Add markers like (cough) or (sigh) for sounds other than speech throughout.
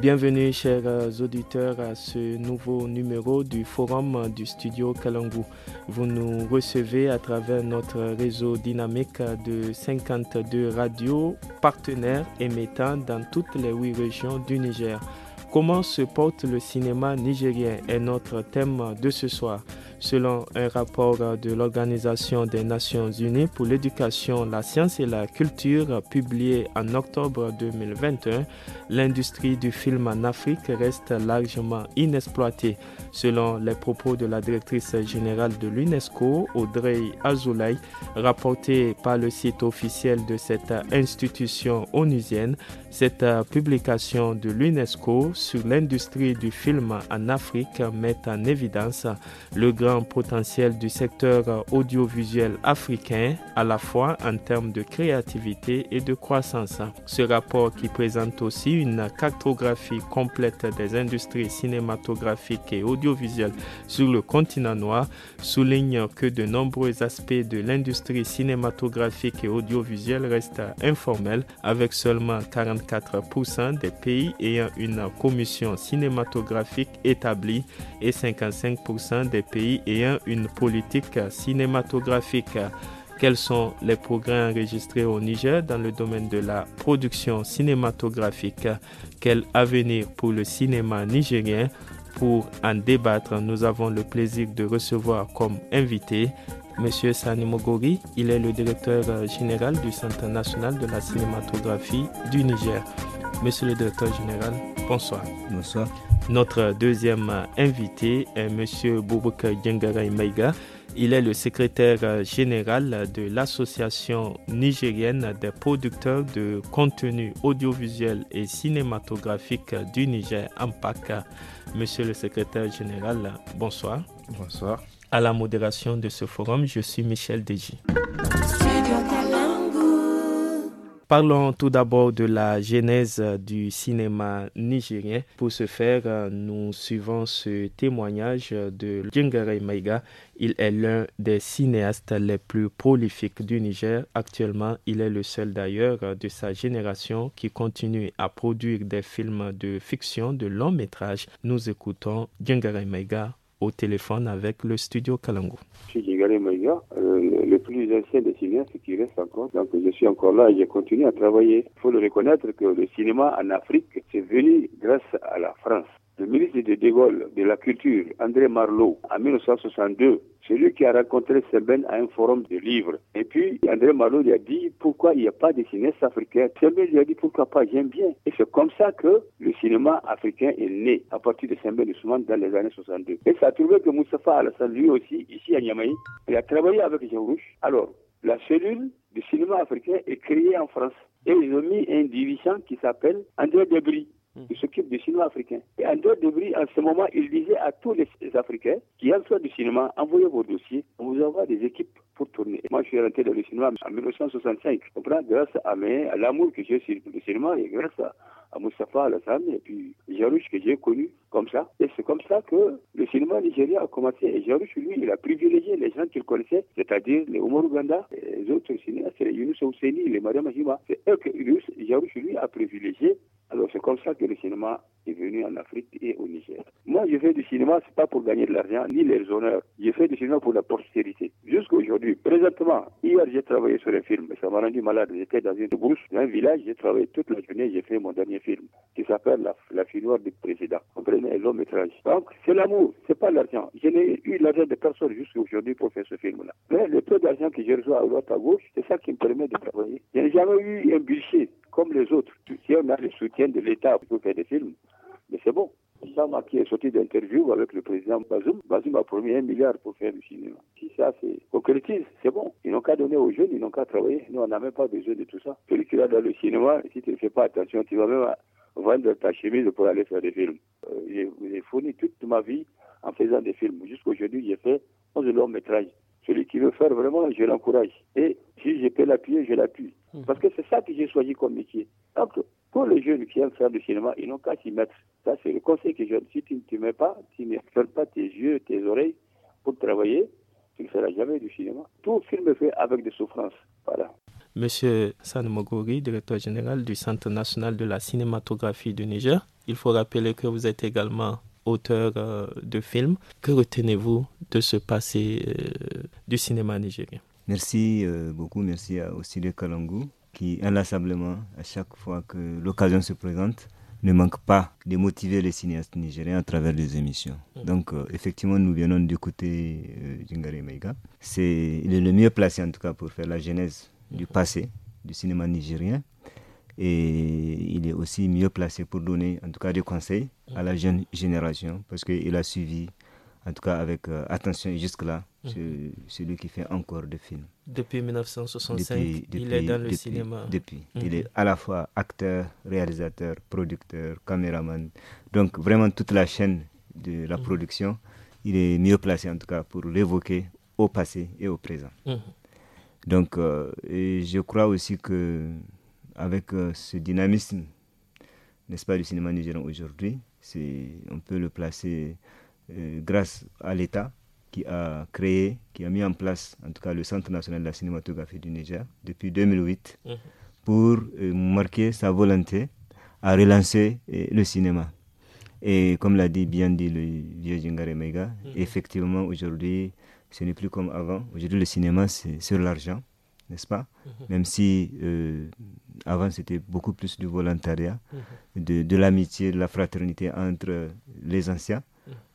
Bienvenue chers euh, auditeurs à ce nouveau numéro du forum euh, du studio Kalangu. Vous nous recevez à travers notre réseau dynamique de 52 radios partenaires émettant dans toutes les huit régions du Niger. Comment se porte le cinéma nigérien est notre thème de ce soir. Selon un rapport euh, de l'Organisation des Nations Unies pour l'éducation, la science et la culture publié en octobre 2021, l'industrie du film en Afrique reste largement inexploitée. Selon les propos de la directrice générale de l'UNESCO, Audrey Azoulay, rapportée par le site officiel de cette institution onusienne, cette publication de l'UNESCO sur l'industrie du film en Afrique met en évidence le grand potentiel du secteur audiovisuel africain, à la fois en termes de créativité et de croissance. Ce rapport qui présente aussi une cartographie complète des industries cinématographiques et audiovisuelles sur le continent noir souligne que de nombreux aspects de l'industrie cinématographique et audiovisuelle restent informels, avec seulement 44% des pays ayant une commission cinématographique établie et 55% des pays et une politique cinématographique. Quels sont les progrès enregistrés au Niger dans le domaine de la production cinématographique Quel avenir pour le cinéma nigérien Pour en débattre, nous avons le plaisir de recevoir comme invité Monsieur Sani Mogori, il est le directeur général du Centre national de la cinématographie du Niger. Monsieur le directeur général, bonsoir. Bonsoir. Notre deuxième euh, invité est euh, M. Boubouk Djengaray Maiga. Il est le secrétaire euh, général de l'Association nigérienne des producteurs de contenu audiovisuel et cinématographique du Niger, AMPAC. Monsieur le secrétaire général, bonsoir. Bonsoir. À la modération de ce forum, je suis Michel Deji. Parlons tout d'abord de la genèse du cinéma nigérien. Pour ce faire, nous suivons ce témoignage de Djengare Maiga. Il est l'un des cinéastes les plus prolifiques du Niger. Actuellement, il est le seul d'ailleurs de sa génération qui continue à produire des films de fiction, de long métrage. Nous écoutons Djengare Maiga au téléphone avec le studio Kalango. Je suis Maïga, euh, le plus ancien des cinéastes qui reste encore. Donc je suis encore là et je continue à travailler. Il faut le reconnaître que le cinéma en Afrique, c'est venu grâce à la France. Le ministre de De de la Culture, André Marlot, en 1962, c'est lui qui a rencontré Semben à un forum de livres. Et puis, André Marlot lui a dit pourquoi il n'y a pas de cinéaste africain Semben lui a dit pourquoi pas, j'aime bien. Et c'est comme ça que le cinéma africain est né à partir de Semben de Soumane dans les années 62. Et ça a trouvé que Moustapha Alassane, lui aussi, ici à Niamey, il a travaillé avec Jean Rouge. Alors, la cellule du cinéma africain est créée en France. Et ils ont mis un dirigeant qui s'appelle André Debris. Mm. il s'occupe du cinéma africain. Et André Debris, en ce moment, il disait à tous les Africains qui aiment le du cinéma, envoyez vos dossiers, on vous envoie des équipes pour tourner. Moi, je suis rentré dans le cinéma en 1965. On comprends, grâce à, à l'amour que j'ai sur le cinéma et grâce à à Mustafa Alassane et puis Jarouche que j'ai connu comme ça. Et c'est comme ça que le cinéma nigérien a commencé. Et Jarouche, lui, il a privilégié les gens qu'il connaissait, c'est-à-dire les Omar les autres cinéastes, les Yunus Ouseni, les Mariam C'est eux que Jarouche, lui, a privilégié. Alors c'est comme ça que le cinéma est venu en Afrique et au Niger. Moi, je fais du cinéma, c'est pas pour gagner de l'argent ni les honneurs. Je fais du cinéma pour la postérité. Jusqu'aujourd'hui, présentement, hier, j'ai travaillé sur un film. Ça m'a rendu malade. J'étais dans une brousse, dans un village, j'ai travaillé toute la journée, j'ai fait mon dernier film qui s'appelle la, la du président. Comprenez, Donc, c'est l'amour, c'est pas l'argent. Je n'ai eu l'argent de personne jusqu'à aujourd'hui pour faire ce film-là. Mais le peu d'argent que j'ai reçu à droite, à gauche, c'est ça qui me permet de travailler. Je n'ai jamais eu un budget comme les autres. Si on a le soutien de l'État pour faire des films, mais c'est bon moi qui est sorti d'interview avec le président Bazoum, Bazoum a promis un milliard pour faire du cinéma. Si ça c'est concrétise, c'est bon. Ils n'ont qu'à donner aux jeunes, ils n'ont qu'à travailler. Nous, on n'a même pas besoin de tout ça. Celui qui va dans le cinéma, si tu ne fais pas attention, tu vas même vendre ta chemise pour aller faire des films. Euh, j'ai fourni toute ma vie en faisant des films. Jusqu'aujourd'hui, j'ai fait 11 longs métrages. Celui qui veut faire vraiment, je l'encourage. Et si je peux l'appuyer, je l'appuie. Mmh. Parce que c'est ça que j'ai choisi comme métier. Donc, pour les jeunes qui aiment faire du cinéma, ils n'ont qu'à s'y mettre. Ça, c'est le conseil que je donne. Si tu ne te mets pas, tu ne fermes pas tes yeux, tes oreilles pour travailler, tu ne feras jamais du cinéma. Tout film est fait avec des souffrances. Voilà. Monsieur San Mogori, directeur général du Centre national de la cinématographie du Niger, il faut rappeler que vous êtes également auteur euh, de films. Que retenez-vous de ce passé euh, du cinéma nigérien Merci euh, beaucoup, merci à, aussi de Kalangu qui, inlassablement, à chaque fois que l'occasion se présente, ne manque pas de motiver les cinéastes nigériens à travers les émissions. Mm. Donc, euh, effectivement, nous venons du côté euh, C'est, il est le mieux placé, en tout cas, pour faire la genèse du passé du cinéma nigérien. Et il est aussi mieux placé pour donner, en tout cas, des conseils à la mm. jeune génération, parce qu'il a suivi en tout cas avec euh, attention jusque-là, mhm. celui qui fait encore des films. Depuis 1965, il est dans le cinéma. Depuis, il mhm. est à la fois acteur, réalisateur, producteur, caméraman. Donc vraiment toute la chaîne de la mhm. production, il est mieux placé en tout cas pour l'évoquer au passé et au présent. Donc euh, je crois aussi que avec euh, ce dynamisme, n'est-ce pas, du cinéma nigérian aujourd'hui, on peut le placer euh, grâce à l'État qui a créé, qui a mis en place, en tout cas, le Centre national de la cinématographie du Niger depuis 2008 mhm. pour euh, marquer sa volonté à relancer euh, le cinéma. Et comme l'a dit bien dit le vieux Jingare Mega, mhm. effectivement, aujourd'hui, ce n'est plus comme avant. Aujourd'hui, le cinéma, c'est sur l'argent, n'est-ce pas mhm. Même si avant c'était beaucoup plus du volontariat, de l'amitié, de la fraternité entre les anciens.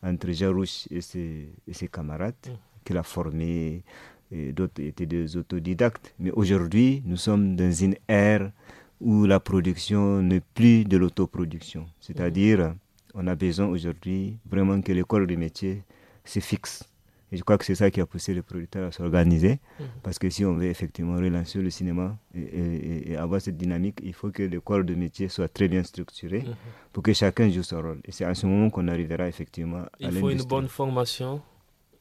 Mm. entre Jarouche et ses, camarades mm. qu'il a formés. D'autres étaient des autodidactes. Mais aujourd'hui, nous sommes dans une ère où la production n'est plus de l'autoproduction. Mm. C'est-à-dire, on a besoin aujourd'hui vraiment que l'école de métier se fixe et je crois que c'est ça qui a poussé les producteurs à s'organiser. Mhm. Parce que si on veut effectivement relancer le cinéma et, avoir cette dynamique, il faut que le corps de métier soit très bien structuré mhm. pour que chacun joue son rôle. Et c'est à ce moment qu'on arrivera effectivement à à Il faut une bonne formation.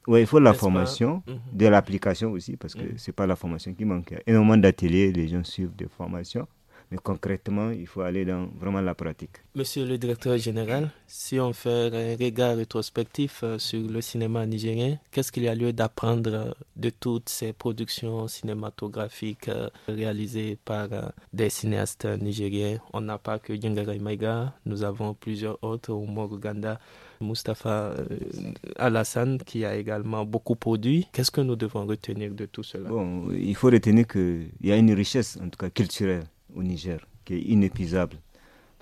Oui, il faut la formation, mhm. de l'application aussi, parce que c'est ce n'est pas la formation qui manque. Il y a énormément d'ateliers, les gens suivent des formations, mais concrètement, il faut aller dans vraiment la pratique. Monsieur le directeur général, si on fait un regard rétrospectif euh, sur le cinéma nigérien, qu'est-ce qu'il y a lieu d'apprendre euh, de toutes ces productions cinématographiques euh, réalisées par des cinéastes nigériens On n'a pas que Djangara Maiga, nous avons plusieurs autres, ou Oganda, Mustafa Alassane qui a également beaucoup produit. Qu'est-ce que nous devons retenir de tout cela Bon, il faut retenir qu'il y a une richesse, en tout cas culturelle au Niger, qui est inépuisable.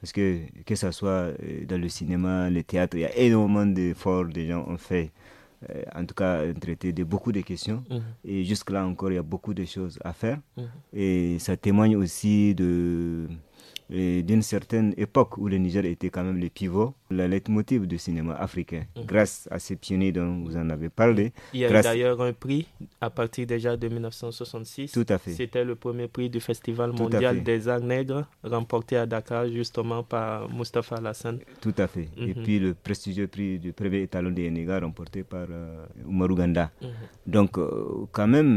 Parce que, que ce soit euh, dans le cinéma, le théâtre, il y a énormément d'efforts des gens ont fait. Euh, en tout cas, traité de beaucoup de questions. Mhm. Et jusque-là encore, il y a beaucoup de choses à faire. Mhm. Et ça témoigne aussi de, euh, d'une certaine époque où le Niger était quand même le pivot le leitmotiv du cinéma africain. Mhm. Grâce à ces pionniers dont vous en avez parlé. Il y a d'ailleurs un prix à partir déjà de 1966. Tout à fait. C'était le premier prix du Festival mondial des arts nègres remporté à Dakar justement par Mustapha Alassane. Tout à fait. Et mhm. puis le prestigieux prix du premier étalon des Négas remporté par euh, mhm. Donc euh, quand même,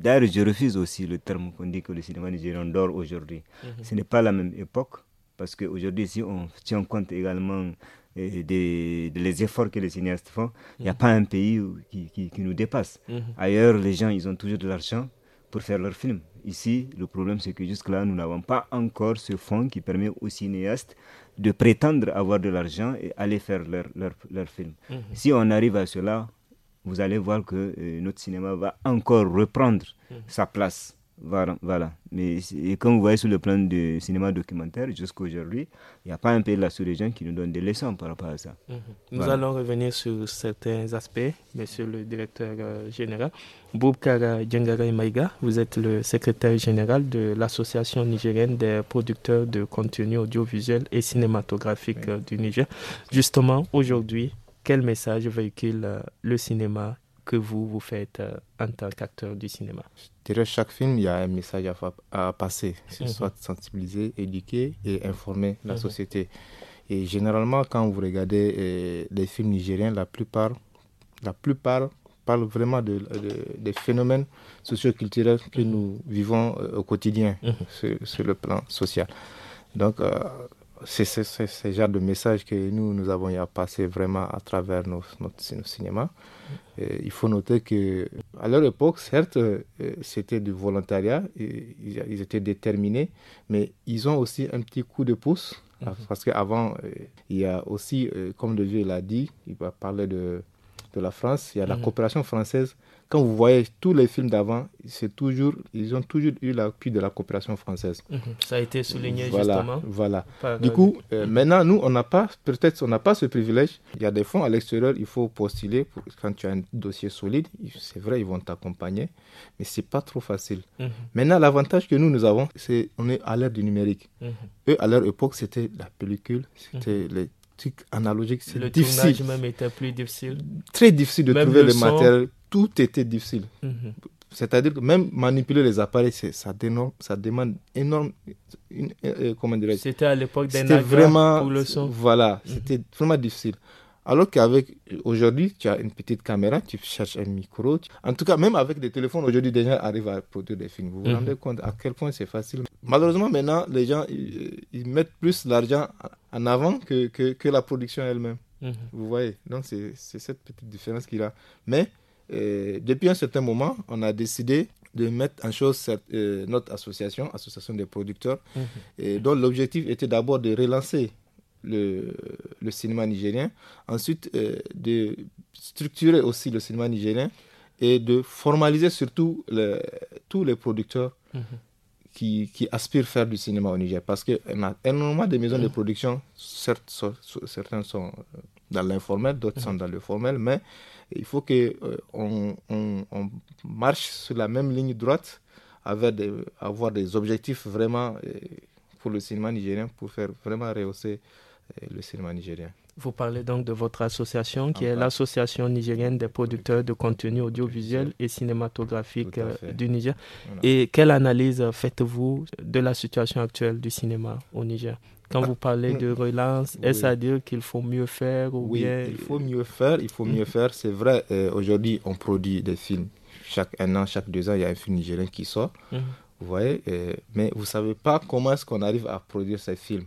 d'ailleurs je refuse aussi le terme qu'on dit que le cinéma nigérian dort aujourd'hui. Ce n'est pas la même époque parce qu'aujourd'hui, si on tient compte également euh, des, efforts que les cinéastes font, il n'y a mhm. pas un pays qui, nous dépasse. Mhm. Ailleurs, les gens, ils ont toujours de l'argent pour faire leurs films. Ici, le problème, c'est que jusque-là, nous n'avons pas encore ce fonds qui permet aux cinéastes de prétendre avoir de l'argent et aller faire leurs leur, leur films. Mhm. Si on arrive à cela, vous allez voir que euh, notre cinéma va encore reprendre sa place. Voilà, Mais et comme vous voyez sur le plan du cinéma documentaire, jusqu'à aujourd'hui, il n'y a pas un pays de la sous-région qui nous donne des leçons par rapport à ça. Mhm. Nous allons revenir sur certains aspects, monsieur le directeur euh, général. Boubkara Djengara vous êtes le secrétaire général de l'Association nigérienne des producteurs de contenu audiovisuel et cinématographique euh, du Niger. Justement, aujourd'hui, quel message véhicule euh, le cinéma que vous, vous faites euh, en tant qu'acteur du cinéma que chaque film, il y a un message à, à passer. Mhm. soit sensibiliser, éduquer et informer la mhm. société. Et généralement, quand vous regardez des euh, les films nigériens, la plupart, la plupart parlent vraiment de, des phénomènes socioculturels que mhm. nous vivons euh, au quotidien sur, le plan social. Donc, c'est ce genre de message que nous, nous avons à passer vraiment à travers nos, notre, cinémas. il faut noter que à leur époque, certes, euh, c'était du volontariat, ils, étaient déterminés, mais ils ont aussi un petit coup de pouce. Mhm. Hein, parce qu'avant, euh, il y a aussi, euh, comme le vieux l'a dit, il va parler de, de la France, il y a la mhm. coopération française quand vous voyez tous les films d'avant, c'est toujours, ils ont toujours eu l'appui de la coopération française. Mhm. ça a été souligné voilà, justement. Voilà. Du coup, euh, mhm. maintenant, nous, on n'a pas, peut-être, on n'a pas ce privilège. Il y a des fonds à l'extérieur, il faut postuler. quand tu as un dossier solide, c'est vrai, ils vont t'accompagner, mais c'est pas trop facile. Mhm. Maintenant, l'avantage que nous, nous avons, c'est on est à l'ère du numérique. Eux, à leur époque, c'était la pellicule, c'était les analogique, c'est difficile. Le tournage même était plus difficile. Très difficile de trouver le, matériel. Tout était difficile. Mhm. C'est-à-dire que même manipuler les appareils, ça, ça demande énorme. Une, euh, euh, comment C'était à l'époque d'un pour le son. Voilà, mhm. c'était vraiment difficile. Alors qu'avec aujourd'hui, tu as une petite caméra, tu cherches un micro. En tout cas, même avec des téléphones, aujourd'hui, des gens arrivent à produire des films. Vous vous rendez mhm. compte à quel point c'est facile. Malheureusement, maintenant, les gens, ils, euh, mettent plus l'argent en avant que, que, la production elle-même. Mhm. Vous voyez Donc, c'est cette petite différence qu'il a. Mais, euh, depuis un certain moment, on a décidé de mettre en chose cette, euh, notre association, Association des producteurs, mhm. et dont l'objectif était d'abord de relancer le, le cinéma nigérien, ensuite euh, de structurer aussi le cinéma nigérien et de formaliser surtout le, tous les producteurs mhm. qui, aspirent à faire du cinéma au Niger. Parce y a énormément de maisons de mhm. production, certains sont euh, dans l'informel, d'autres mhm. sont dans le formel, mais il faut qu'on euh, on, marche sur la même ligne droite, avec avoir des objectifs vraiment pour le cinéma nigérien, pour faire vraiment rehausser le cinéma nigérien. Vous parlez donc de votre association qui est l'Association nigérienne des producteurs de contenu audiovisuel et cinématographique euh, du Niger. Et quelle analyse faites-vous de la situation actuelle du cinéma au Niger quand ah, vous parlez de mm. relance, est-ce à dire qu'il faut mieux faire ou oui, il faut mieux faire, il faut mieux mm. faire. C'est vrai, euh, aujourd'hui, on produit des films. Chaque un an, chaque deux ans, il y a un film nigérien qui sort. Mm. Vous voyez, euh, mais vous savez pas comment est-ce qu'on arrive à produire ces films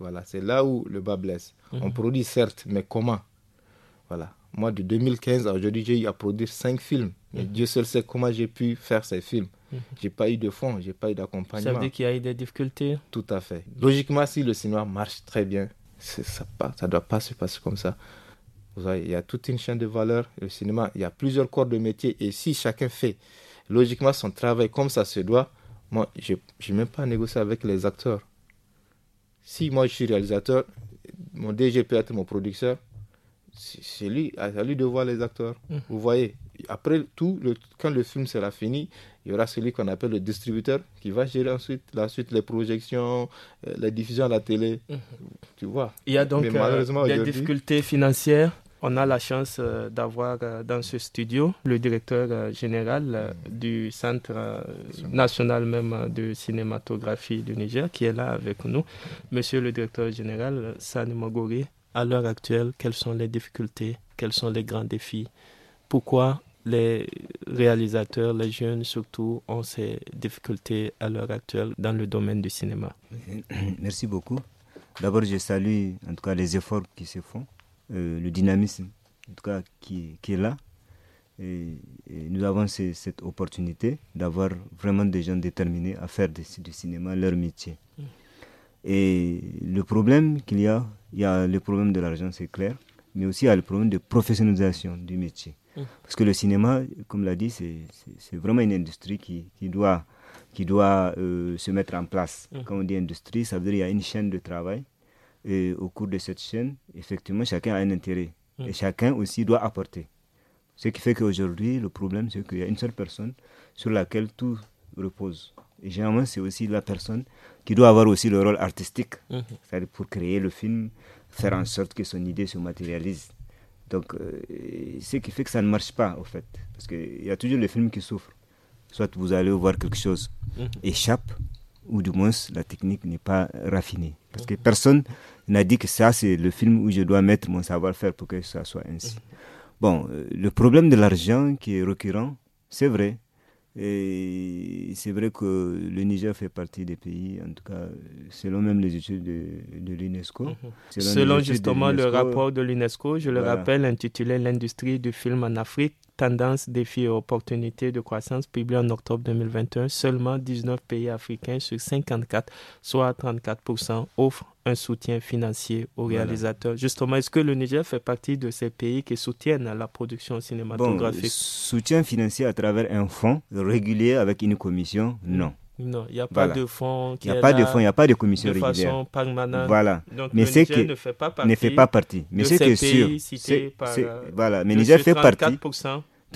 voilà, c'est là où le bas blesse. Mhm. On produit certes, mais comment Voilà. Moi, de 2015 à aujourd'hui, j'ai eu à produire cinq films. Mhm. Dieu seul sait comment j'ai pu faire ces films. Je mhm. J'ai pas eu de fonds, j'ai pas eu d'accompagnement. Ça veut dire qu'il y a eu des difficultés Tout à fait. Logiquement, si le cinéma marche très bien, ça ne doit pas se passer comme ça. Voyez, il y a toute une chaîne de valeur. Le cinéma, il y a plusieurs corps de métier. Et si chacun fait logiquement son travail comme ça se doit, moi, je n'ai même pas négocier avec les acteurs si moi je suis réalisateur, mon DG peut être mon producteur, c'est lui, à lui de voir les acteurs. Mmh. Vous voyez, après tout, quand le film sera fini, il y aura celui qu'on appelle le distributeur qui va gérer ensuite la suite, les projections, les euh, la diffusion à la télé. Mmh. Tu vois. Il y a donc euh, des difficultés financières on a la chance euh, d'avoir euh, dans ce studio le directeur euh, général du Centre national même de cinématographie du Niger qui est là avec nous. Monsieur le directeur général San Mogori. à l'heure actuelle, quelles sont les difficultés, quels sont les grands défis Pourquoi les réalisateurs, les jeunes surtout, ont ces difficultés à l'heure actuelle dans le domaine du cinéma (coughs) Merci beaucoup. D'abord, je salue en tout cas les efforts qui se font euh, le dynamisme en tout cas, qui, est là. nous avons cette opportunité d'avoir vraiment des gens déterminés à faire du cinéma leur métier. Mm. Et le problème qu'il y a, il y a le problème de l'argent, c'est clair, mais aussi il y a le problème de professionnalisation du métier. Mm. Parce que le cinéma, comme l'a dit, c'est vraiment une industrie qui, doit, qui doit euh, se mettre en place. Mm. Quand on dit industrie, ça veut dire qu'il y a une chaîne de travail et au cours de cette chaîne, effectivement, chacun a un intérêt. Et mm. chacun aussi doit apporter. Ce qui fait qu'aujourd'hui, le problème, c'est qu'il y a une seule personne sur laquelle tout repose. Et généralement, c'est aussi la personne qui doit avoir aussi le rôle artistique. Mm-hmm. C'est-à-dire pour créer le film, faire en sorte que son idée se matérialise. Donc, euh, ce qui fait que ça ne marche pas, au fait. Parce qu'il y a toujours les films qui souffrent. Soit vous allez voir quelque chose mm-hmm. échappe, ou du moins la technique n'est pas raffinée. Parce que mm-hmm. personne on dit que ça, c'est le film où je dois mettre mon savoir-faire pour que ça soit ainsi. Mhm. Bon, euh, le problème de l'argent qui est récurrent, c'est vrai. Et c'est vrai que le Niger fait partie des pays, en tout cas, selon même les études de, l'UNESCO. Mhm. Selon, justement le rapport de l'UNESCO, je le rappelle, intitulé L'industrie du film en Afrique, tendance, défis et opportunités de croissance, publié en octobre 2021, seulement 19 pays africains sur 54, soit 34%, offrent un soutien financier aux réalisateurs. Justement, est-ce que le Niger fait partie de ces pays qui soutiennent la production cinématographique bon, Soutien financier à travers un fonds régulier avec une commission Non. Non, il n'y a pas de fonds. Il n'y a pas de fonds, il n'y a pas de commission de régulière. Façon Voilà. Donc, mais c'est que ne fait pas partie. Fait pas partie. Mais c'est que sûr. Cités par, euh, voilà. Mais Niger fait partie.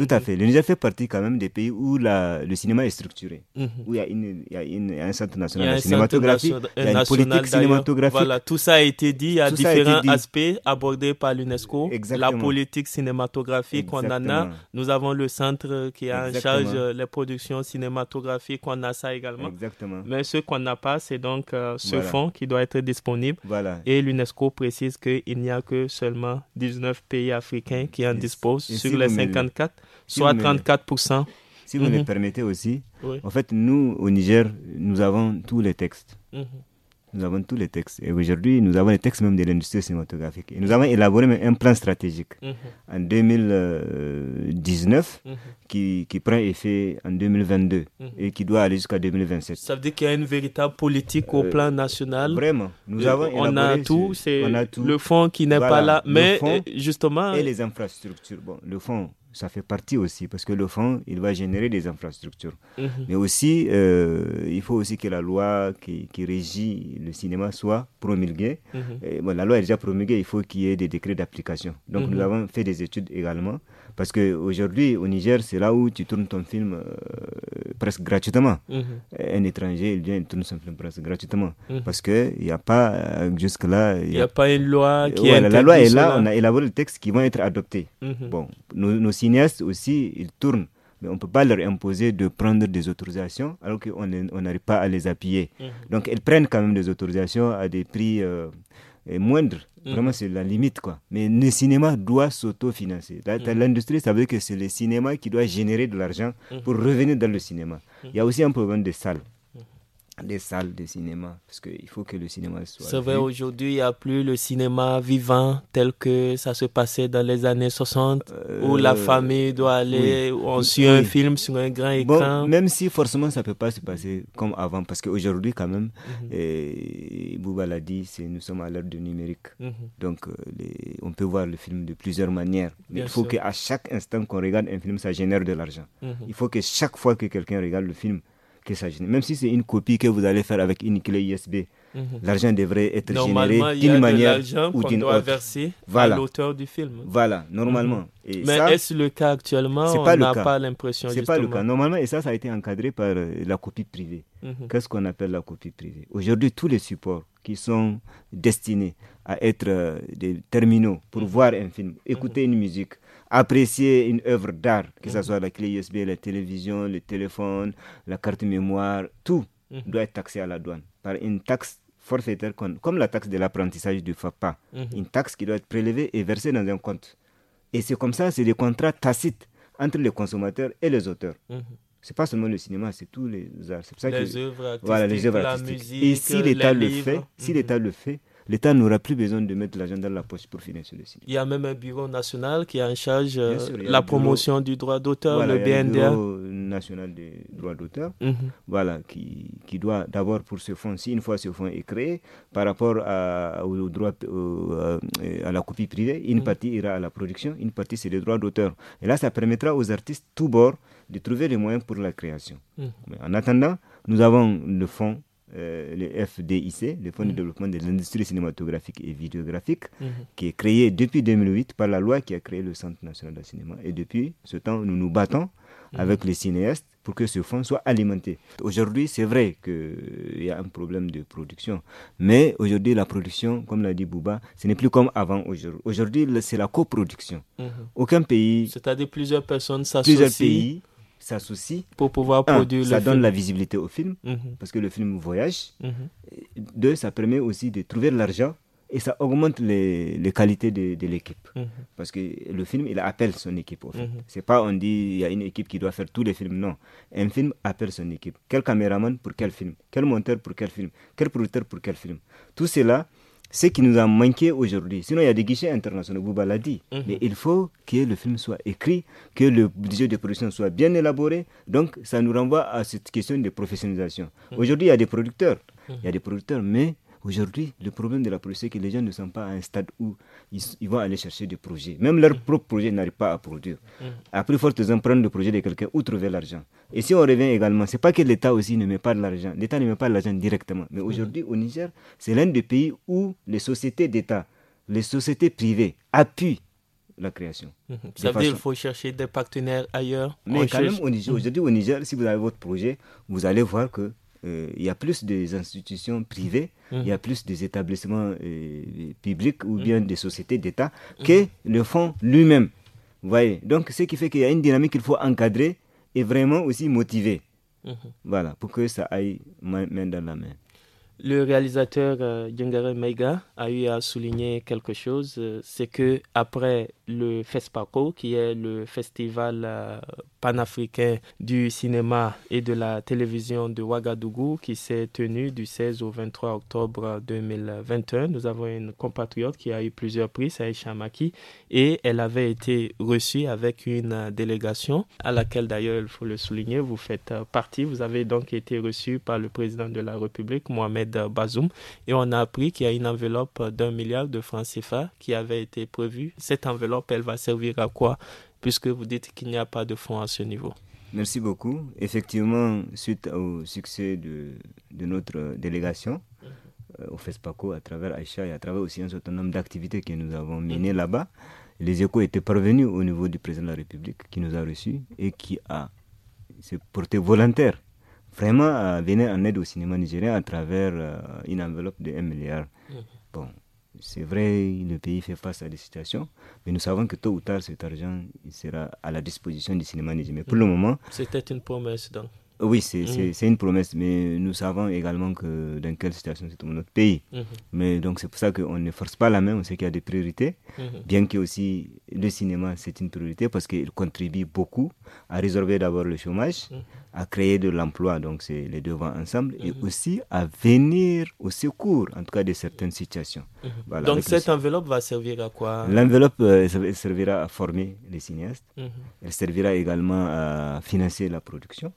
Tout à fait. Le fait partie quand même des pays où la, le cinéma est structuré, mhm. où il y, a une, il, y a un centre national de cinématographie, il politique cinématographique. Voilà, tout ça a été dit, à différents aspects abordés par l'UNESCO. La politique cinématographique qu'on en a, nous avons le centre qui a en charge euh, les productions cinématographiques, on a ça également. Exactement. Mais ce qu'on n'a pas, c'est donc euh, ce fond fonds qui doit être disponible. Voilà. Et l'UNESCO précise qu'il n'y a que seulement 19 pays africains qui en disposent sur les 54 soit 34%. si vous me mhm. permettez aussi, en fait, nous, au Niger, nous avons tous les textes. Mhm. Nous avons tous les textes. Et aujourd'hui, nous avons les textes même de l'industrie cinématographique. Et nous avons élaboré un plan stratégique mhm. en 2019 qui, prend effet en 2022 et qui doit aller jusqu'à 2027. Ça veut dire qu'il y a une véritable politique au euh, plan national. Vraiment. Nous avons on a, tout, C'est Le fonds qui n'est pas là. Mais euh, justement. Et les infrastructures. Bon, le fonds ça fait partie aussi, parce que le fonds, il va générer des infrastructures. Mhm. Mais aussi, euh, il faut aussi que la loi qui, qui régit le cinéma soit promulguée. Mhm. Et, bon, la loi est déjà promulguée, il faut qu'il y ait des décrets d'application. Donc nous mhm. avons fait des études également, parce qu'aujourd'hui, au Niger, c'est là où tu tournes ton film, euh, presque gratuitement. Mhm. Un étranger, il vient, il tourne son film presque gratuitement. Mhm. parce que Parce qu'il n'y a pas, euh, jusque-là. Il n'y a... pas une loi euh, qui est. La loi est là, on a élaboré le texte qui vont être adoptés. Mhm. Bon, nos, cinéastes aussi, ils tournent. Mais on ne peut pas leur imposer de prendre des autorisations alors qu'on n'arrive pas à les appuyer. Donc, ils prennent quand même des autorisations à des prix. Euh, est moindre. Mm. Vraiment, c'est la limite, quoi. Mais le cinéma doit s'autofinancer. Mm. L'industrie, ça veut dire que c'est le cinéma qui doit générer de l'argent mm. pour revenir dans le cinéma. Il y a aussi un problème de salles des salles de cinéma, parce qu'il faut que le cinéma soit. C'est vrai, aujourd'hui, il n'y a plus le cinéma vivant tel que ça se passait dans les années 60, où euh, la famille doit aller, où on suit un film sur un grand écran. Bon, même si forcément ça ne peut pas se passer comme avant, parce qu'aujourd'hui, quand même, mhm. Bouba l'a dit, nous sommes à l'ère du numérique. Mhm. Donc, euh, on peut voir le film de plusieurs manières. Mais il faut qu'à chaque instant qu'on regarde un film, ça génère de l'argent. Mhm. Il faut que chaque fois que quelqu'un regarde le film, même si c'est une copie que vous allez faire avec une clé USB, mhm. L'argent devrait être généré d'une manière ou d'une autre. voilà. à l'auteur du film. Voilà, normalement. Mhm. Mais est-ce le cas actuellement On n'a pas l'impression. C'est pas le cas. Normalement, et ça, ça a été encadré par euh, la copie privée. Mhm. Qu'est-ce qu'on appelle la copie privée Aujourd'hui, tous les supports qui sont destinés à être euh, des terminaux pour mhm. voir un film, mhm. écouter une musique, apprécier une œuvre d'art, que ce mhm. soit la clé USB, la télévision, le téléphone, la carte mémoire, tout doit être taxé à la douane par une taxe forfaitaire comme la taxe de l'apprentissage du FAPA, une taxe qui doit être prélevée et versée dans un compte. Et c'est comme ça, c'est des contrats tacites entre les consommateurs et les auteurs. C'est pas seulement le cinéma, c'est tous les arts. ça les œuvres voilà, les œuvres artistiques. musique, et si l'État le fait, si l'État le fait, l'État n'aura plus besoin de mettre l'agenda dans la poche pour financer le site. Il y a même un bureau national qui est en charge euh, la promotion du droit d'auteur, le BND Le bureau national des droit d'auteur, mhm. voilà, qui, doit d'abord pour ce fonds, si une fois ce fonds est créé, par rapport à, au droit, euh, à, la copie privée, une mhm. partie ira à la production, une partie c'est le droits d'auteur. Et là, ça permettra aux artistes tout bord de trouver les moyens pour la création. Mhm. Mais en attendant, nous avons le fonds euh, le FDIC, le Fonds de mm. développement des industries cinématographiques et vidéographiques, mm-hmm. qui est créé depuis 2008 par la loi qui a créé le Centre national de cinéma. Et depuis ce temps, nous nous battons mm-hmm. avec les cinéastes pour que ce fonds soit alimenté. Aujourd'hui, c'est vrai qu'il euh, y a un problème de production, mais aujourd'hui, la production, comme l'a dit Bouba, ce n'est plus comme avant aujourd'hui. Aujourd'hui, c'est la coproduction. Mm-hmm. Aucun pays. C'est-à-dire plusieurs personnes s'associent. Plusieurs pays s'associent pour pouvoir produire ça donne la visibilité au film mhm. parce que le film voyage mhm. deux ça permet aussi de trouver de l'argent et ça augmente les, les qualités de, de l'équipe mhm. parce que le film il appelle son équipe au film c'est pas on dit il y a une équipe qui doit faire tous les films non un film appelle son équipe quel caméraman pour quel film quel monteur pour quel film quel producteur pour quel film tout cela ce qui nous a manqué aujourd'hui. Sinon, il y a des guichets internationaux, Bouba l'a dit. Mhm. Mais il faut que le film soit écrit, que le budget de production soit bien élaboré. Donc, ça nous renvoie à cette question de professionnalisation. Mhm. Aujourd'hui, il y a des producteurs. Mhm. Il y a des producteurs, mais Aujourd'hui, le problème de la police, c'est que les gens ne sont pas à un stade où ils, vont aller chercher des projets. Même leurs mm. propres projets n'arrivent pas à produire. Mm. Après, faut de prendre le projet de quelqu'un où trouver l'argent. Et si on revient également, c'est pas que l'État aussi ne met pas de l'argent. L'État ne met pas de l'argent directement. Mais mm. aujourd'hui, au Niger, c'est l'un des pays où les sociétés d'État, les sociétés privées appuient la création. Mm-hmm. Ça veut dire qu'il faut chercher des partenaires ailleurs. Mais quand même, aujourd'hui, au Niger, si vous avez votre projet, vous allez voir que euh, il y a plus des institutions privées, mm-hmm. il y a plus des établissements euh, publics ou bien mm-hmm. des sociétés d'État mm-hmm. que le fonds lui-même. voyez Donc, ce qui fait qu'il y a une dynamique qu'il faut encadrer et vraiment aussi motiver. Voilà, pour que ça aille main, dans la main. Le réalisateur euh, Maiga Meiga a eu à souligner quelque chose, euh, c'est que après le FESPACO, qui est le festival panafricain du cinéma et de la télévision de Ouagadougou qui s'est tenu du 16 au 23 octobre 2021. Nous avons une compatriote qui a eu plusieurs prix, Saïcha Maki, et elle avait été reçue avec une délégation à laquelle d'ailleurs, il faut le souligner, vous faites partie. Vous avez donc été reçue par le président de la République, Mohamed Bazoum, et on a appris qu'il y a une enveloppe d'un milliard de francs CFA qui avait été prévue. Cette enveloppe, elle va servir à quoi puisque vous dites qu'il n'y a pas de fonds à ce niveau. Merci beaucoup. Effectivement, suite au succès de, notre délégation euh, au FESPACO, à travers Aïcha et à travers aussi un certain nombre d'activités que nous avons menées là-bas, les échos étaient parvenus au niveau du président de la République qui nous a reçus et qui a s'est porté volontaire vraiment à venir en aide au cinéma nigérien à travers euh, une enveloppe de 1 milliard. Mmh. Bon, c'est vrai, le pays fait face à des situations, mais nous savons que tôt ou tard, cet argent sera à la disposition du cinéma Mais pour le mm. moment. C'était une promesse, donc. Oui, mhm. c'est une promesse, mais nous savons également que dans quelle situation se trouve notre pays. Mhm. Mais donc c'est pour ça qu'on ne force pas la main, on sait qu'il y a des priorités, mhm. bien que aussi le cinéma c'est une priorité parce qu'il contribue beaucoup à résorber d'abord le chômage, à créer de l'emploi, donc c'est les deux vents ensemble, et aussi à venir au secours, en tout cas de certaines situations. donc cette enveloppe va servir à quoi L'enveloppe euh, servira à former les cinéastes, elle servira également à financer la production.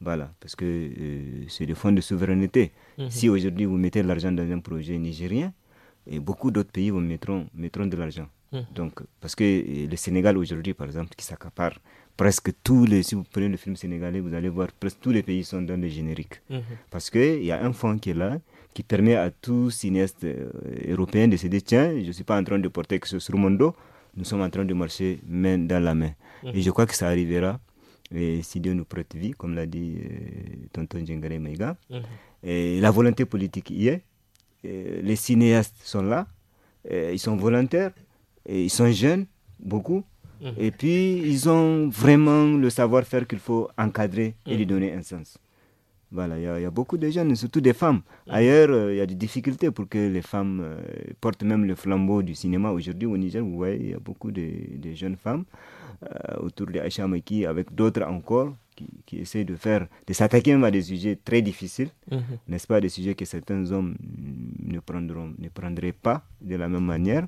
Voilà, parce que euh, c'est le fonds de souveraineté. Mhm. Si aujourd'hui vous mettez de l'argent dans un projet nigérien, et beaucoup d'autres pays vous mettront, mettront de l'argent. Mhm. Donc, parce que euh, le Sénégal aujourd'hui, par exemple, qui s'accapare presque tous les, si vous prenez le film sénégalais, vous allez voir presque tous les pays sont dans le générique. Mhm. parce Parce qu'il y a un fonds qui est là, qui permet à tout cinéaste euh, européen de se dire, tiens, je ne suis pas en train de porter que ce sur nous sommes en train de marcher main dans la main. Et je crois que ça arrivera et si nous prête vie, comme l'a dit euh, tonton Djengare Maiga mhm. la volonté politique y est, les cinéastes sont là, ils sont volontaires, et ils sont jeunes, beaucoup, mhm. et puis ils ont vraiment le savoir-faire qu'il faut encadrer et lui mhm. donner un sens. Voilà, il y, a beaucoup de jeunes, surtout des femmes. Ailleurs, euh, il y a des difficultés pour que les femmes euh, portent même le flambeau du cinéma aujourd'hui au Niger. Vous voyez, il y a beaucoup de, de jeunes femmes. Euh, autour de Aïcha Maki, avec d'autres encore, qui, qui essaient de faire, de s'attaquer à des sujets très difficiles, mhm. n'est-ce pas, des sujets que certains hommes ne, prendront, ne prendraient pas de la même manière.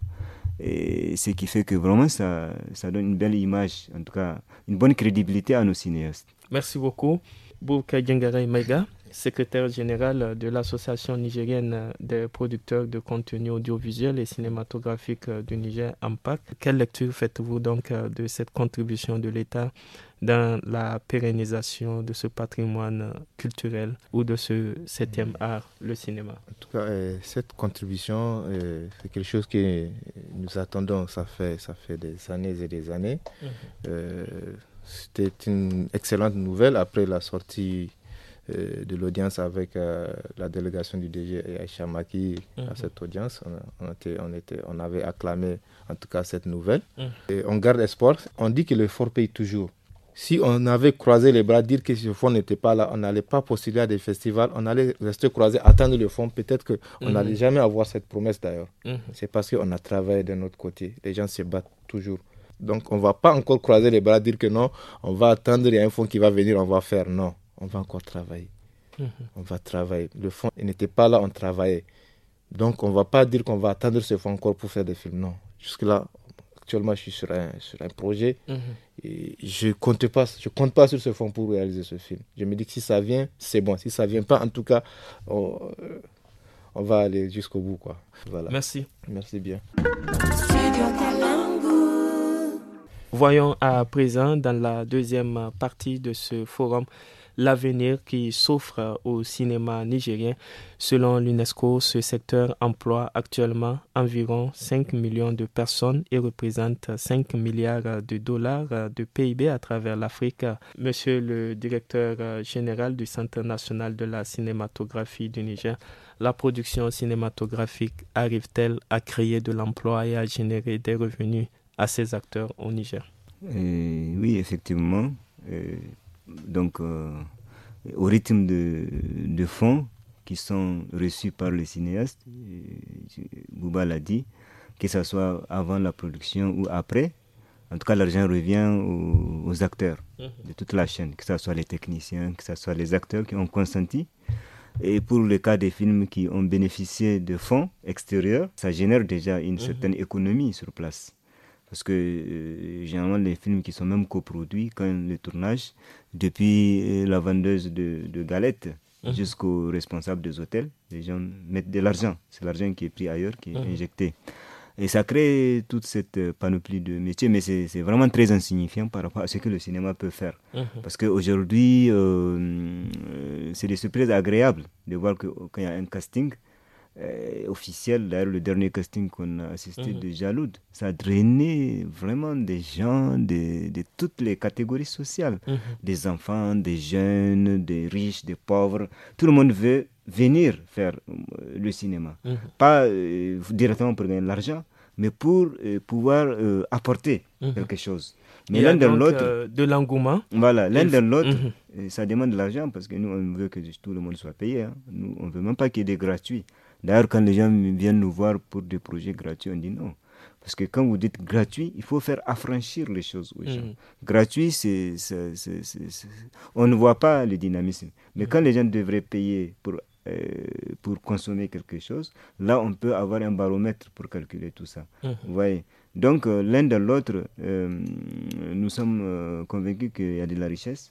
Et ce qui fait que vraiment, ça, ça donne une belle image, en tout cas, une bonne crédibilité à nos cinéastes. Merci beaucoup, Bouka Maïga secrétaire général de l'Association nigérienne des producteurs de contenu audiovisuel et cinématographique du Niger, AMPAC. Quelle lecture faites-vous donc euh, de cette contribution de l'État dans la pérennisation de ce patrimoine culturel ou de ce septième mm. art, le cinéma En tout cas, euh, cette contribution, euh, c'est quelque chose que nous attendons, ça fait, ça fait des années et des années. Mm-hmm. c'était une excellente nouvelle après la sortie euh, de l'audience avec euh, la délégation du DG et Aïcha à mhm. cette audience. On, était, on, était, on avait acclamé en tout cas cette nouvelle. Mhm. Et on garde espoir. On dit que le fort paye toujours. Si on avait croisé les bras, dire que ce fonds n'était pas là, on n'allait pas postuler à des festivals, on allait rester croisé, attendre le fonds. Peut-être qu'on on mhm. n'allait jamais avoir cette promesse d'ailleurs. C'est parce qu'on a travaillé de notre côté. Les gens se battent toujours. Donc on ne va pas encore croiser les bras, dire que non, on va attendre, il y a un fonds qui va venir, on va faire. Non on va encore travailler. Mhm. On va travailler. Le fond, il n'était pas là, on travaillait. Donc, on ne va pas dire qu'on va attendre ce fond encore pour faire des films. Non. Jusque-là, actuellement, je suis sur un, sur un projet. Mhm. Et je ne compte, pas, compte pas sur ce fond pour réaliser ce film. Je me dis que si ça vient, c'est bon. Si ça ne vient pas, en tout cas, on, euh, on va aller jusqu'au bout. Quoi. Voilà. Merci. Merci bien. Voyons à présent dans la deuxième partie de ce forum l'avenir qui s'offre au cinéma nigérien. Selon l'UNESCO, ce secteur emploie actuellement environ 5 millions de personnes et représente 5 milliards de dollars de PIB à travers l'Afrique. Monsieur le directeur général du Centre national de la cinématographie du Niger, la production cinématographique arrive-t-elle à créer de l'emploi et à générer des revenus à ses acteurs au Niger euh, Oui, effectivement. Euh, donc euh, au rythme de, fonds qui sont reçus par les cinéastes, Gouba l'a dit, que ce soit avant la production ou après. En tout cas, l'argent revient aux, aux, acteurs mhm. de toute la chaîne, que ce soit les techniciens, que ce soit les acteurs qui ont consenti. Et pour le cas des films qui ont bénéficié de fonds extérieurs, ça génère déjà une mhm. certaine économie sur place. Parce que euh, généralement, les films qui sont même coproduits, quand le tournage, depuis euh, la vendeuse de, galettes mhm. jusqu'aux jusqu'au responsable des hôtels, les gens mettent de l'argent. C'est l'argent qui est pris ailleurs, qui est mhm. injecté. Et ça crée toute cette euh, panoplie de métiers, mais c'est vraiment très insignifiant par rapport à ce que le cinéma peut faire. Mhm. Parce qu'aujourd'hui, c'est des surprises agréables de voir que quand y a un casting, euh, officiel, d'ailleurs le dernier casting qu'on a assisté mhm. de Jaloud, ça a drainé vraiment des gens de, toutes les catégories sociales, mhm. des enfants, des jeunes, des riches, des pauvres. Tout le monde veut venir faire euh, le cinéma, mhm. pas euh, directement pour gagner de l'argent, mais pour pouvoir apporter quelque chose. Mais l'un de l'autre. de l'engouement. Voilà, l'un de l'autre, ça demande de l'argent parce que nous, on veut que tout le monde soit payé. Hein. Nous, on ne veut même pas qu'il y ait des gratuits. D'ailleurs, quand les gens viennent nous voir pour des projets gratuits, on dit non. Parce que quand vous dites gratuit, il faut faire affranchir les choses aux gens. Mm. Gratuit, c'est, on ne voit pas le dynamisme. Mais mm. quand les gens devraient payer pour, euh, pour consommer quelque chose, là, on peut avoir un baromètre pour calculer tout ça. Mm. Vous voyez Donc, euh, l'un de l'autre, euh, nous sommes convaincus qu'il y a de la richesse.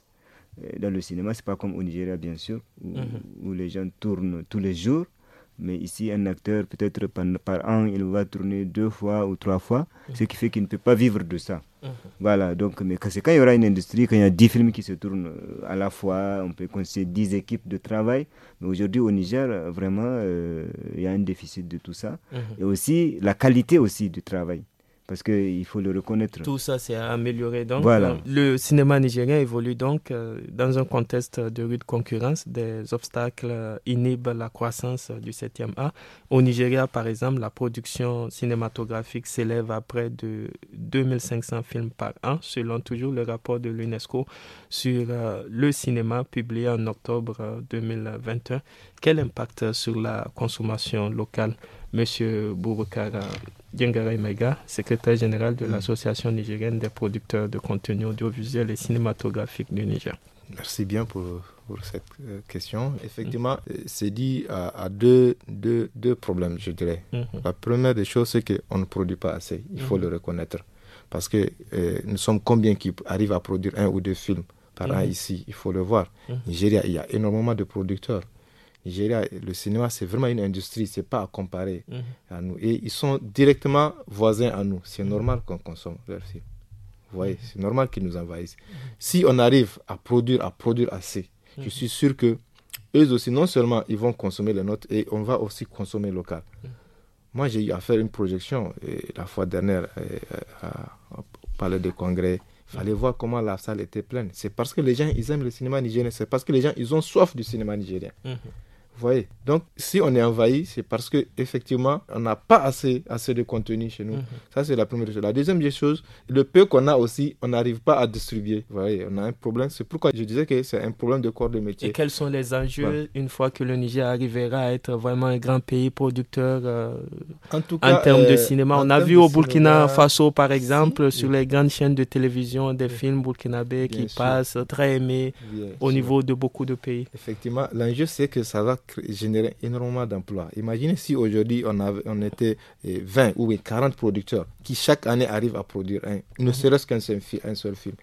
Dans le cinéma, c'est pas comme au Nigeria, bien sûr, où mm-hmm. les gens tournent tous les jours mais ici, un acteur, peut-être par, par, an, il va tourner deux fois ou trois fois, mm-hmm. ce qui fait qu'il ne peut pas vivre de ça. Mm-hmm. Voilà, donc, mais quand il y aura une industrie, quand il y a dix films qui se tournent euh, à la fois, on peut considérer dix équipes de travail. Mais aujourd'hui, au Niger, vraiment, euh, il y a un déficit de tout ça. Mm-hmm. Et aussi, la qualité aussi du travail parce qu'il faut le reconnaître. Tout ça s'est amélioré. Donc, euh, le cinéma nigérien évolue donc euh, dans un contexte de rude concurrence. Des obstacles inhibent la croissance du 7e A. Au Nigeria, par exemple, la production cinématographique s'élève à près de 2500 films par an, selon toujours le rapport de l'UNESCO sur euh, le cinéma publié en octobre 2021. Quel impact sur la consommation locale M. Bouroukara Djengara Mega, secrétaire général de mm. l'Association nigérienne des producteurs de contenu audiovisuel et cinématographique du Niger. Merci bien pour, cette euh, question. Mm. Effectivement, euh, c'est dit à, deux, deux, deux, problèmes, je dirais. Mm-hmm. La première des choses, c'est qu'on ne produit pas assez. Il faut mm-hmm. le reconnaître. Parce que euh, nous sommes combien qui arrivent à produire un ou deux films par an mm-hmm. ici Il faut le voir. Nigeria, il y a énormément de producteurs le cinéma, c'est vraiment une industrie, c'est pas à comparer mhm. à nous. Et ils sont directement voisins à nous. C'est mhm. normal qu'on consomme leurs Vous voyez, mhm. c'est normal qu'ils nous envahissent. Si on arrive à produire, à produire assez, je suis sûr que eux aussi, non seulement ils vont consommer les nôtres, et on va aussi consommer local. Moi, j'ai eu à faire une projection et, la fois dernière euh, au Palais de Congrès. Il fallait voir comment la salle était pleine. C'est parce que les gens, ils aiment le cinéma nigérien. C'est parce que les gens, ils ont soif du cinéma nigérien. Donc, si on est envahi, c'est parce que effectivement, on n'a pas assez, assez de contenu chez nous. Mhm. Ça, c'est la première chose. La deuxième chose, le peu qu'on a aussi, on n'arrive pas à distribuer. voyez, on a un problème. C'est pourquoi je disais que c'est un problème de corps de métier. Et quels sont les enjeux une fois que le Niger arrivera à être vraiment un grand pays producteur euh, en, termes de euh, cinéma On a vu au Burkina Faso, par exemple, sur les grandes chaînes de télévision, des films burkinabés qui passent euh, très aimés au niveau de beaucoup de pays. Effectivement, l'enjeu, c'est que ça va générer énormément d'emplois. Imaginez si aujourd'hui on, avait, on était 20 eh, ou 40 producteurs qui chaque année arrivent à produire un, ne serait-ce qu'un seul, seul film.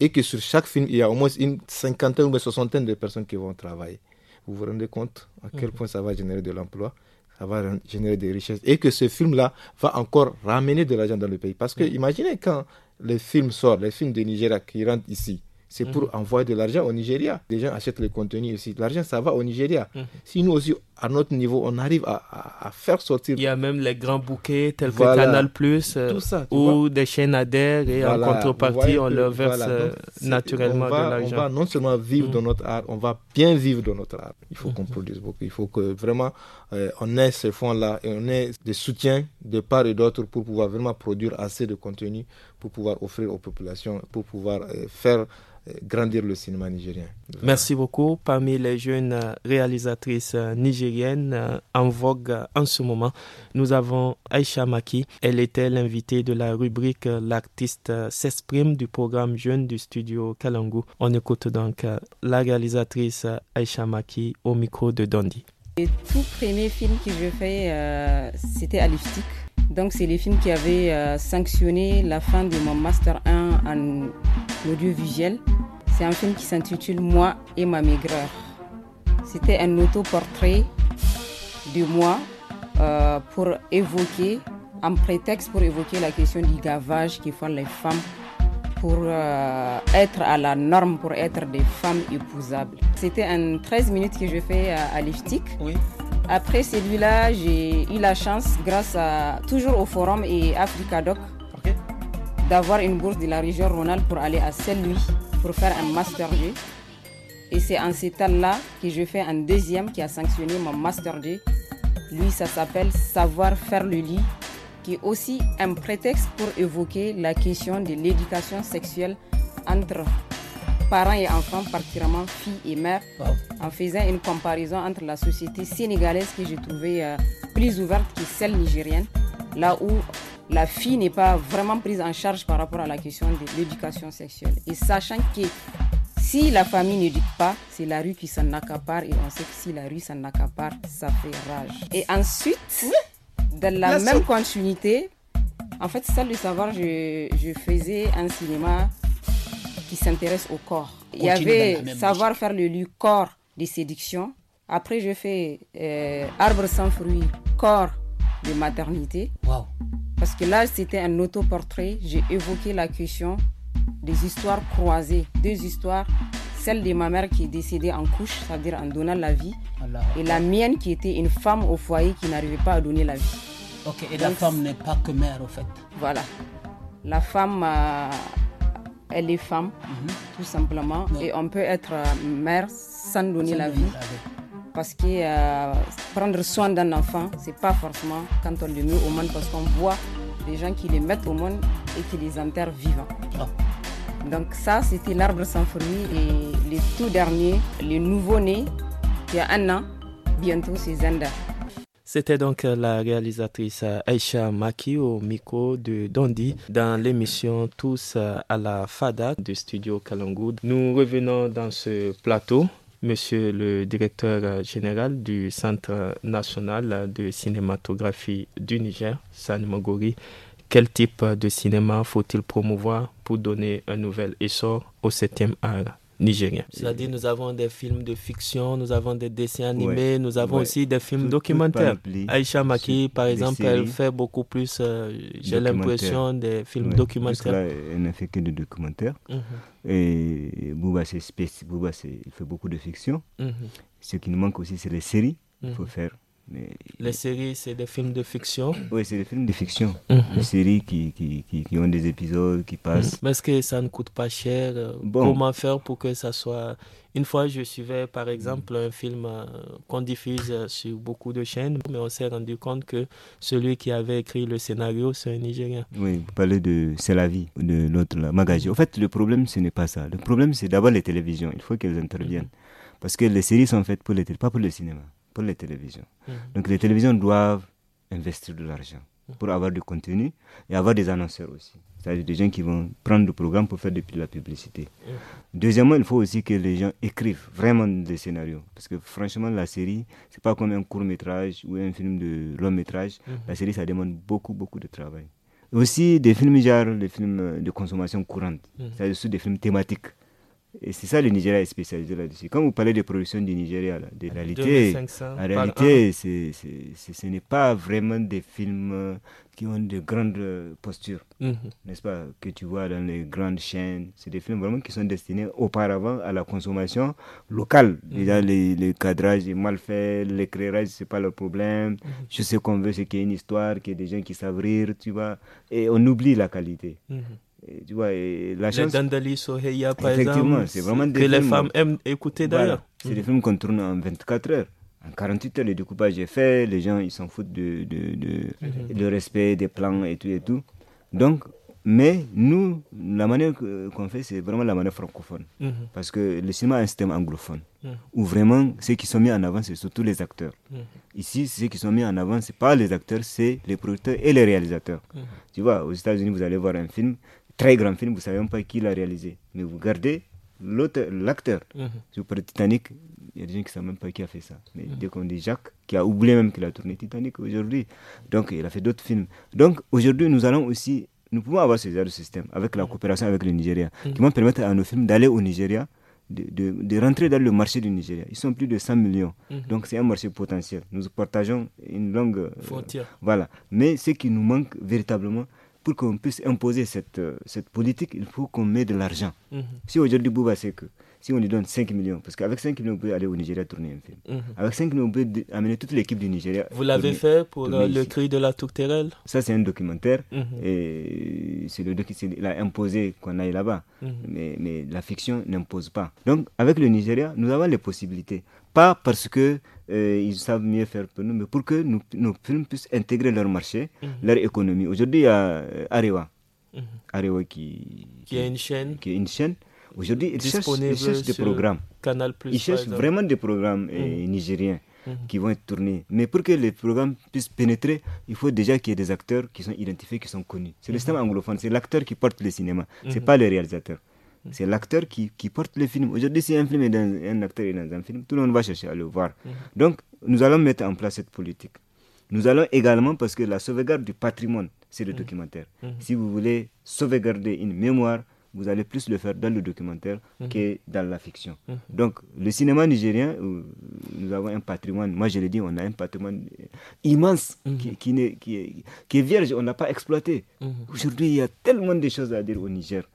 Et que sur chaque film, il y a au moins une cinquantaine ou une soixantaine de personnes qui vont travailler. Vous vous rendez compte à mm. quel point ça va générer de l'emploi ça va générer des richesses et que ce film-là va encore ramener de l'argent dans le pays. Parce que mm. imaginez quand les films sortent, les films de Nigeria qui rentrent ici, c'est pour mhm. envoyer de l'argent au Nigeria. Les gens achètent le contenu aussi. L'argent, ça va au Nigeria. Mhm. Si nous aussi, à notre niveau, on arrive à, à, faire sortir. Il y a même les grands bouquets tels que Canal Plus euh, ou des chaînes adhèrent et en contrepartie, on leur verse euh, naturellement de l'argent. On va non seulement vivre dans mm. notre art, on va bien vivre dans notre art. Il faut mm. qu'on produise beaucoup. Il faut que vraiment euh, on ait ces fonds-là et on ait des soutiens de part et d'autre pour pouvoir vraiment produire assez de contenu pour pouvoir offrir aux populations, pour pouvoir faire grandir le cinéma nigérien. Merci beaucoup. Parmi les jeunes réalisatrices nigériennes, euh, en vogue euh, en ce moment. Nous avons Aïcha Maki. Elle était l'invitée de la rubrique euh, L'artiste s'exprime du programme Jeune du studio Kalangu. On écoute donc la réalisatrice Aïcha Maki au micro de Dandy. Le tout premier film que je fais, c'était à Donc, c'est les films qui avaient sanctionné la fin de mon Master 1 en audiovisuel. C'est un film qui s'intitule Moi et ma maigreur. C'était un autoportrait de moi euh, pour évoquer, en prétexte pour évoquer la question du gavage qui font les femmes pour euh, être à la norme, pour être des femmes épousables. C'était un 13 minutes que je fais à, à Après celui-là, j'ai eu la chance, grâce à toujours au Forum et Africa Doc, d'avoir une bourse de la région rhône pour aller à celle louis pour faire un Master G. Et c'est en ces temps-là que je fais un deuxième qui a sanctionné mon Master 2. Lui, ça s'appelle Savoir faire le lit, qui est aussi un prétexte pour évoquer la question de l'éducation sexuelle entre parents et enfants, particulièrement filles et mères, en faisant une comparaison entre la société sénégalaise que j'ai trouvée euh, plus ouverte que celle nigérienne, là où la fille n'est pas vraiment prise en charge par rapport à la question de l'éducation sexuelle. Et sachant que si la famille ne dit pas, c'est la rue qui s'en accapare et on sait que si la rue s'en accapare, ça fait rage. Et ensuite, dans la, même continuité, en fait, ça le savoir, je, faisais un cinéma qui s'intéresse au corps. Il y avait savoir faire le lieu corps de séduction. Après, je fais euh, arbre sans fruits, corps de maternité. Parce que là, c'était un autoportrait. J'ai évoqué la question des histoires croisées. Deux histoires, celle de ma mère qui est décédée en couche, c'est-à-dire en donnant la vie, et la mienne qui était une femme au foyer qui n'arrivait pas à donner la vie. Ok, et la femme n'est pas que mère au fait. Voilà. La femme, euh, elle est femme, mhm. tout simplement, et on peut être euh, mère sans donner la vie. parce que euh, prendre soin d'un enfant, c'est pas forcément quand on le met au monde, parce qu'on voit des gens qui les mettent au monde et qui les enterrent vivants. Ah. Donc ça, c'était l'arbre sans et le tout dernier, le nouveau-né, y a un an, bientôt c'est Zenda. C'était donc la réalisatrice Aisha Maki au de Dondi dans l'émission Tous à la Fada du studio Kalangoud. Nous revenons dans ce plateau. Monsieur le directeur général du Centre national de cinématographie du Niger, San Mogori, quel type de cinéma faut-il promouvoir pour donner un nouvel essor au 7e art nigérien. C'est-à-dire, nous avons des films de fiction, nous avons des dessins animés, nous avons aussi des films documentaires. Aïcha Maki, par exemple, elle fait beaucoup plus, euh, j'ai l'impression, des films documentaires. elle n'a fait que des documentaires. Mhm. Et Bouba, il fait beaucoup de fiction. Mhm. Ce qui nous manque aussi, c'est les séries. Il faut mhm. faire les séries, c'est des films de fiction Oui, c'est des films de fiction. Mhm. Des séries qui, qui, qui, ont des épisodes qui mhm. passent. Parce que ça ne coûte pas cher Comment faire pour que ça soit. Une fois, je suivais par exemple un film euh, qu'on diffuse euh, sur beaucoup de chaînes, mais on s'est rendu compte que celui qui avait écrit le scénario, c'est un Nigérien. Oui, vous parlez de C'est la vie, de l'autre, magazine mhm. En fait, le problème, ce n'est pas ça. Le problème, c'est d'abord les télévisions. Il faut qu'elles interviennent. Parce que les séries sont faites pour les télévisions pas pour le cinéma les télévisions. Mm-hmm. Donc les télévisions doivent investir de l'argent pour avoir du contenu et avoir des annonceurs aussi. C'est-à-dire des gens qui vont prendre le programme pour faire de la publicité. Mm-hmm. Deuxièmement, il faut aussi que les gens écrivent vraiment des scénarios. Parce que franchement, la série, c'est pas comme un court métrage ou un film de long métrage. Mm-hmm. La série, ça demande beaucoup, beaucoup de travail. Aussi des films genre, des films de consommation courante, c'est-à-dire des films thématiques. Et c'est ça le Nigeria est spécialisé là-dessus. Quand vous parlez de production du Nigeria, là, de réalité, en réalité, ce n'est pas vraiment des films euh, qui ont de grandes euh, postures, mhm. n'est-ce pas, que tu vois dans les grandes chaînes. C'est des films vraiment qui sont destinés auparavant à la consommation locale. Mhm. Déjà, les, cadrages est mal fait, l'éclairage, c'est pas le problème. Mhm. Je sais qu'on veut, ce qu'il y ait une histoire, qu'il y ait des gens qui savent rire, tu vois. Et on oublie la qualité tu vois, la chance. Soheya, par Effectivement, c'est vraiment des que les femmes aiment écouter d'ailleurs. c'est des mm. films qu'on tourne en 24 heures. En 48 heures, le découpage est fait, les gens ils s'en foutent de, de, de, mm-hmm. respect des plans et tout et tout. Donc, mais nous, la manière qu'on fait, c'est vraiment la manière francophone. Mm-hmm. Parce que le cinéma a un système anglophone, mm-hmm. où vraiment ceux qui sont mis en avant, c'est surtout les acteurs. Ici, ceux qui sont mis en avant, c'est pas les acteurs, c'est les producteurs et les réalisateurs. Tu vois, aux États-Unis, vous allez voir un film, très grand film, vous ne savez même pas qui l'a réalisé. Mais vous gardez l'acteur. Mm Si vous Titanic, il y a des gens qui ne savent même pas qui a fait ça. Mais mhm. dès qu'on dit Jacques, qui a oublié même qu'il a tourné Titanic aujourd'hui, donc il a fait d'autres films. Donc aujourd'hui, nous allons aussi, nous pouvons avoir ces genre de système avec la mhm. coopération avec le Nigeria, mhm. qui vont permettre à nos films d'aller au Nigeria. De, rentrer dans le marché du Nigeria. Ils sont plus de 100 millions. Donc c'est un marché potentiel. Nous partageons une longue euh, frontière. voilà. Mais ce qui nous manque véritablement, pour qu'on puisse imposer cette, euh, cette politique, il faut qu'on mette de l'argent. Mhm. Si aujourd'hui Bouba c'est que si on lui donne 5 millions, parce qu'avec 5 millions, on peut aller au Nigeria tourner un film. Mhm. Avec 5 millions, on peut amener toute l'équipe du Nigeria. Vous l'avez fait pour euh, le, cri de la tourterelle Ça, c'est un documentaire. Mhm. Et c'est le il a imposé qu'on aille là-bas. Mhm. mais, la fiction n'impose pas. Donc, avec le Nigeria, nous avons les possibilités. Pas parce que euh, ils savent mieux faire que nous, mais pour que nos films puissent intégrer leur marché, leur économie. Aujourd'hui, il y a euh, Arewa. Arewa qui, Qui est une chaîne Aujourd'hui, ils cherchent, des programmes. ils cherchent vraiment des programmes eh, mhm. nigériens mhm. qui vont être tournés. Mais pour que les programmes puissent pénétrer, il faut déjà qu'il y ait des acteurs qui sont identifiés, qui sont connus. C'est le mhm. système anglophone, c'est l'acteur qui porte le cinéma, c'est pas le réalisateur. C'est l'acteur qui, porte le film. Aujourd'hui, si un, film est dans, un acteur et dans un film, tout le monde va chercher à le voir. Donc, nous allons mettre en place cette politique. Nous allons également, parce que la sauvegarde du patrimoine, c'est le documentaire. Si vous voulez sauvegarder une mémoire, vous allez plus le faire dans le documentaire mhm. que dans la fiction. Mhm. Donc, le cinéma nigérien, euh, nous avons un patrimoine, moi je l'ai dit, on a un patrimoine immense mhm. qui, qui, est, qui, vierge, on n'a pas exploité. Aujourd'hui, il y a tellement de choses à dire au Niger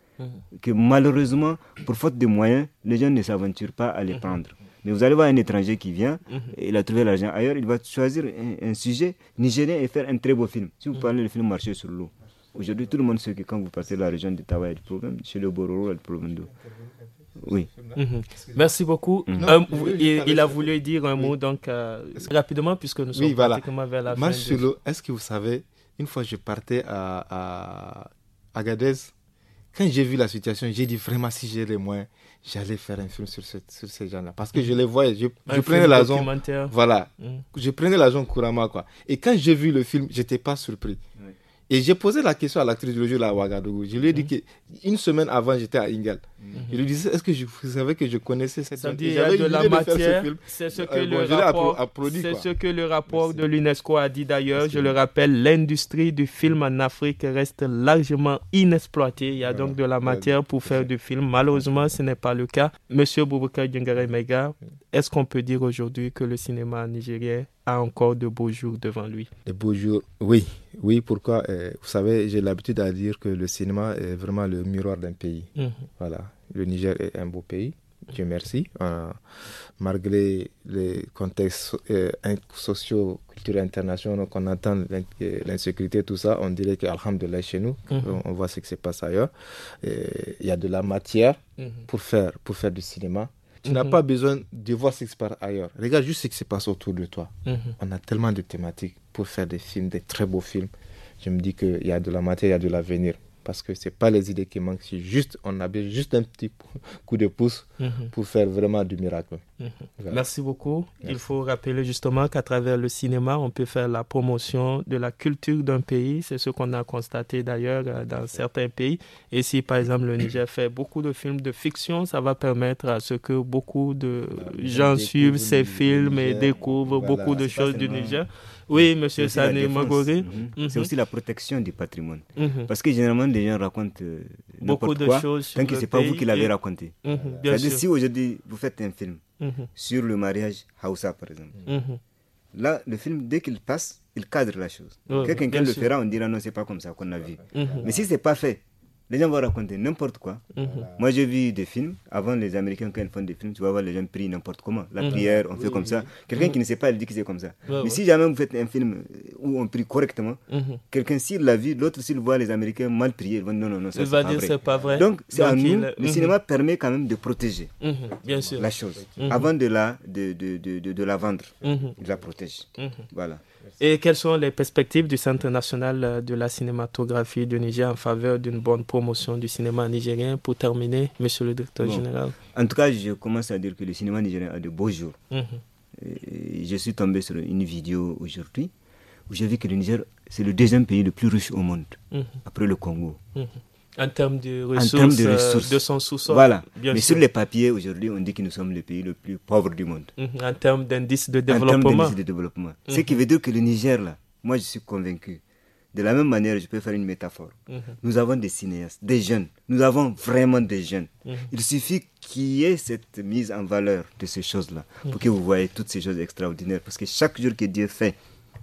que malheureusement, pour faute de moyens, les gens ne s'aventurent pas à les prendre. Mais vous allez voir un étranger qui vient, il a trouvé l'argent ailleurs, il va choisir un, sujet nigérien et faire un très beau film. Si vous parlez du film Marcher sur l'eau, Aujourd'hui, tout le monde sait que quand vous passez la région de Tawa, il y a des problèmes. Chez le Bororo, il y a des problèmes d'eau. Oui. Mhm. Merci beaucoup. Mhm. il, a voulu dire un mot, donc euh, rapidement, puisque nous sommes oui, pratiquement vers la Marche fin. l'eau. est-ce que vous savez, une fois je partais à, Agadez, quand j'ai vu la situation, j'ai dit vraiment, si j'ai les moyens, j'allais faire un film sur, ce, ces gens-là. Parce que je les voyais, je, prenais la zone. Voilà. Mhm. Je prenais la couramment, quoi. Et quand j'ai vu le film, j'étais pas surpris. Et j'ai posé la question à l'actrice du jeu là, Ouagadougou. Je lui ai dit mhm. qu'une une semaine avant, j'étais à Ingal. Mhm. Je lui disais, est-ce que vous savez que je connaissais cette y de la matière. C'est euh, ce, que le rapport, c'est ce que le rapport de l'UNESCO a dit d'ailleurs. Je le rappelle, l'industrie du film en Afrique reste largement inexploitée. Il y a donc de la matière pour faire du film. Malheureusement, ce n'est pas le cas. Monsieur Boubouka Djungare Mega, est-ce qu'on peut dire aujourd'hui que le cinéma nigérien a encore de beaux jours devant lui. De beaux jours, oui. Oui, pourquoi euh, Vous savez, j'ai l'habitude à dire que le cinéma est vraiment le miroir d'un pays. Mhm. Voilà. Le Niger est un beau pays. Dieu merci. Euh, malgré les contextes euh, sociaux, culturels internationaux qu'on entend, l'insécurité, tout ça, on dirait qu'Alhamdulillah, chez nous, mhm. on, voit ce qui se passe ailleurs. Il y a de la matière mhm. pour, faire, pour faire du cinéma tu n'as mhm. pas besoin de voir ce qui se passe ailleurs. Regarde juste ce qui se passe autour de toi. Mhm. On a tellement de thématiques pour faire des films, des très beaux films. Je me dis qu'il y a de la matière, il y a de l'avenir parce que ce n'est pas les idées qui manquent, c'est juste, on a juste un petit coup de pouce mhm. pour faire vraiment du miracle. Mhm. Merci beaucoup. Il faut rappeler justement qu'à travers le cinéma, on peut faire la promotion de la culture d'un pays. C'est ce qu'on a constaté d'ailleurs euh, dans certains pays. Et si par exemple le Niger fait beaucoup de films de fiction, ça va permettre à ce que beaucoup de gens suivent ces films et découvrent beaucoup de choses du Niger. Oui, monsieur Sané Magoré. Mhm. C'est mhm. aussi la protection du patrimoine. Mhm. Parce que généralement, les gens racontent euh, beaucoup de quoi, choses. Tant que ce n'est pas vous qui l'avez raconté. Bien sûr. Si aujourd'hui, vous faites un film sur le mariage Hausa, par exemple, là, le film, dès qu'il passe, il cadre la chose. Quelqu'un qui le fera, on dira non, c'est pas comme ça qu'on a vu. Mais si c'est pas fait, les gens vont raconter n'importe quoi. Mhm. Moi, j'ai vu des films. Avant, les Américains, quand ils font des films, tu vas voir les gens prient n'importe comment. La mhm. prière, on fait comme ça. Quelqu'un qui mhm. ne sait pas, il dit que c'est comme ça. Mais si jamais vous faites un film où on prie correctement, quelqu'un, s'il l'a vu, l'autre, s'il voit les Américains mal prier, il va dire non, non, non, c'est pas, vrai. Donc, Le cinéma permet quand même de protéger la chose. Avant de la, de la vendre, il la protège. Voilà. Et quelles sont les perspectives du Centre national euh, de la cinématographie du Niger en faveur d'une bonne promotion du cinéma nigérien Pour terminer, monsieur le directeur général. En tout cas, je commence à dire que le cinéma nigérien a de beaux jours. Mhm. Je suis tombé sur une vidéo aujourd'hui où j'ai vu que le Niger, c'est le deuxième pays le plus riche au monde, mhm. après le Congo. Mhm. En termes de euh, ressources, de ressources. sous Voilà. Mais sur les papiers, aujourd'hui, on dit que nous sommes le pays le plus pauvre du monde. Mhm. en termes d'indice de développement. En termes d'indice de développement. Ce qui mhm. veut dire que le Niger, là, moi, je suis convaincu. De la même manière, je peux faire une métaphore. Mhm. Nous avons des cinéastes, des jeunes. Nous avons vraiment des jeunes. Il suffit qu'il y ait cette mise en valeur de ces choses-là pour que vous voyez toutes ces choses extraordinaires. Parce que chaque jour que Dieu fait,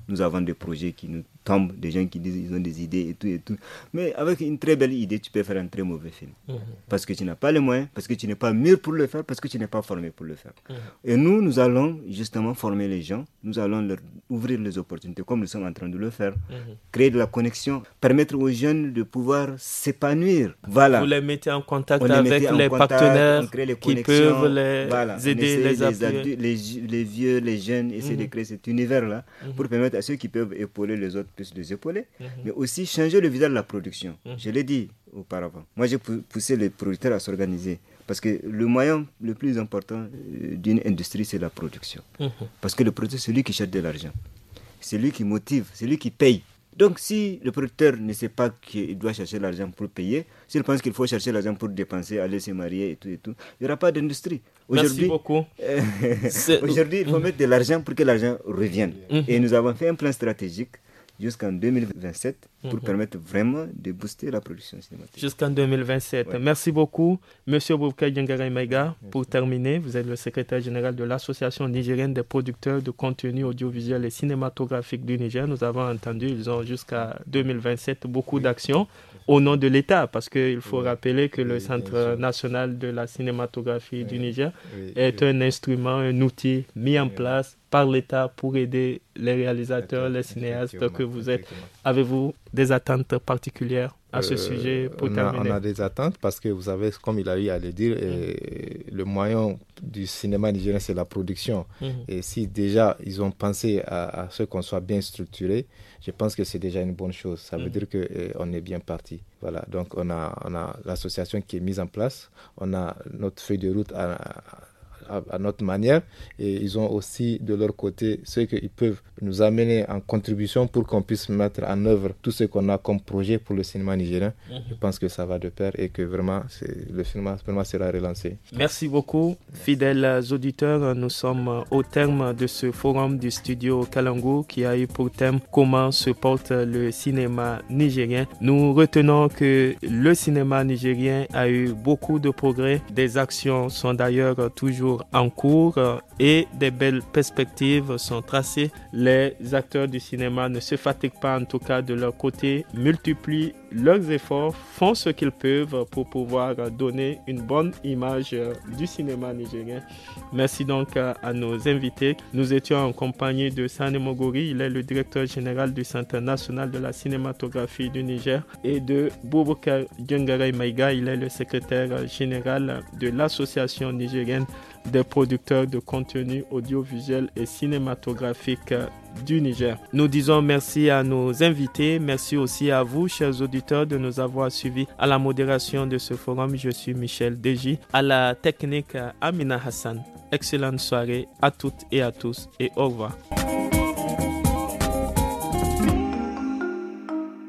nous avons des projets qui nous tombent, des gens qui disent qu'ils ont des idées et tout et tout. Mais avec une très belle idée, tu peux faire un très mauvais film. Mhm. Parce que tu n'as pas les moyens, parce que tu n'es pas mûr pour le faire, parce que tu n'es pas formé pour le faire. Mhm. Et nous, nous allons justement former les gens, nous allons leur ouvrir les opportunités comme nous sommes en train de le faire, mhm. créer de la connexion, permettre aux jeunes de pouvoir s'épanouir. Voilà. Vous les mettez en contact avec les, partenaires qui peuvent les aider, les, adultes les, les vieux, les jeunes, essayer de créer cet univers-là pour permettre à ceux qui peuvent épauler les autres plus les épauler, mhm. mais aussi changer le visage de la production. Mhm. Je l'ai dit auparavant. Moi, j'ai poussé les producteurs à s'organiser. Parce que le moyen le plus important euh, d'une industrie, c'est la production. Mhm. Parce que le producteur, c'est lui qui cherche de l'argent. C'est lui qui motive, c'est lui qui paye. Donc, si le producteur ne sait pas qu'il doit chercher l'argent pour payer, s'il pense qu'il faut chercher l'argent pour dépenser, aller se marier et tout, et tout il n'y aura pas d'industrie. Aujourd'hui, beaucoup. (laughs) Aujourd'hui, il faut mettre de l'argent pour que l'argent revienne. Et nous avons fait un plan stratégique jusqu'en 2027 pour mhm. permettre vraiment de booster la production cinématographique. Jusqu'en 2027. Merci beaucoup, Monsieur Boubka Djengaray Pour terminer, vous êtes le secrétaire général de l'Association nigérienne des producteurs de contenu audiovisuel et cinématographique du Niger. Nous avons entendu, ils ont jusqu'à 2027 beaucoup d'actions au nom de l'État, parce qu'il faut rappeler que le Centre national de la cinématographie du Niger est un instrument, un outil mis en place par l'État pour aider les réalisateurs, les cinéastes que vous êtes. Avez-vous des attentes particulières à ce euh, sujet pour on terminer a, On a des attentes parce que vous savez, comme il a eu à le dire, mm. euh, le moyen du cinéma nigérien, c'est la production. Mm. Et si déjà ils ont pensé à, ce qu'on soit bien structuré, je pense que c'est déjà une bonne chose. Ça veut mm. dire qu'on euh, est bien parti. Voilà, donc on a, on a l'association qui est mise en place, on a notre feuille de route à, à, notre manière et ils ont aussi de leur côté ce qu'ils peuvent nous amener en contribution pour qu'on puisse mettre en œuvre tout ce qu'on a comme projet pour le cinéma nigérien. Mhm. Je pense que ça va de pair et que vraiment le cinéma vraiment sera relancé. Merci beaucoup, fidèles auditeurs. Nous sommes au terme de ce forum du studio Kalango qui a eu pour thème comment se porte le cinéma nigérien. Nous retenons que le cinéma nigérien a eu beaucoup de progrès. Des actions sont d'ailleurs toujours en cours euh, et des belles perspectives sont tracées. Les acteurs du cinéma ne se fatiguent pas en tout cas de leur côté, multiplient leurs efforts, font ce qu'ils peuvent pour pouvoir donner une bonne image du cinéma nigérien. Merci donc à nos invités. Nous étions en compagnie de Sane il est le directeur général du Centre national de la cinématographie du Niger, et de Bouboukar Djungaray Maïga, il est le secrétaire général de l'Association nigérienne des producteurs de contenu audiovisuel et cinématographique du Niger. Nous disons merci à nos invités, merci aussi à vous, chers auditeurs, de nous avoir suivis à la modération de ce forum. Je suis Michel Deji, à la technique Amina Hassan. Excellente soirée à toutes et à tous et au revoir.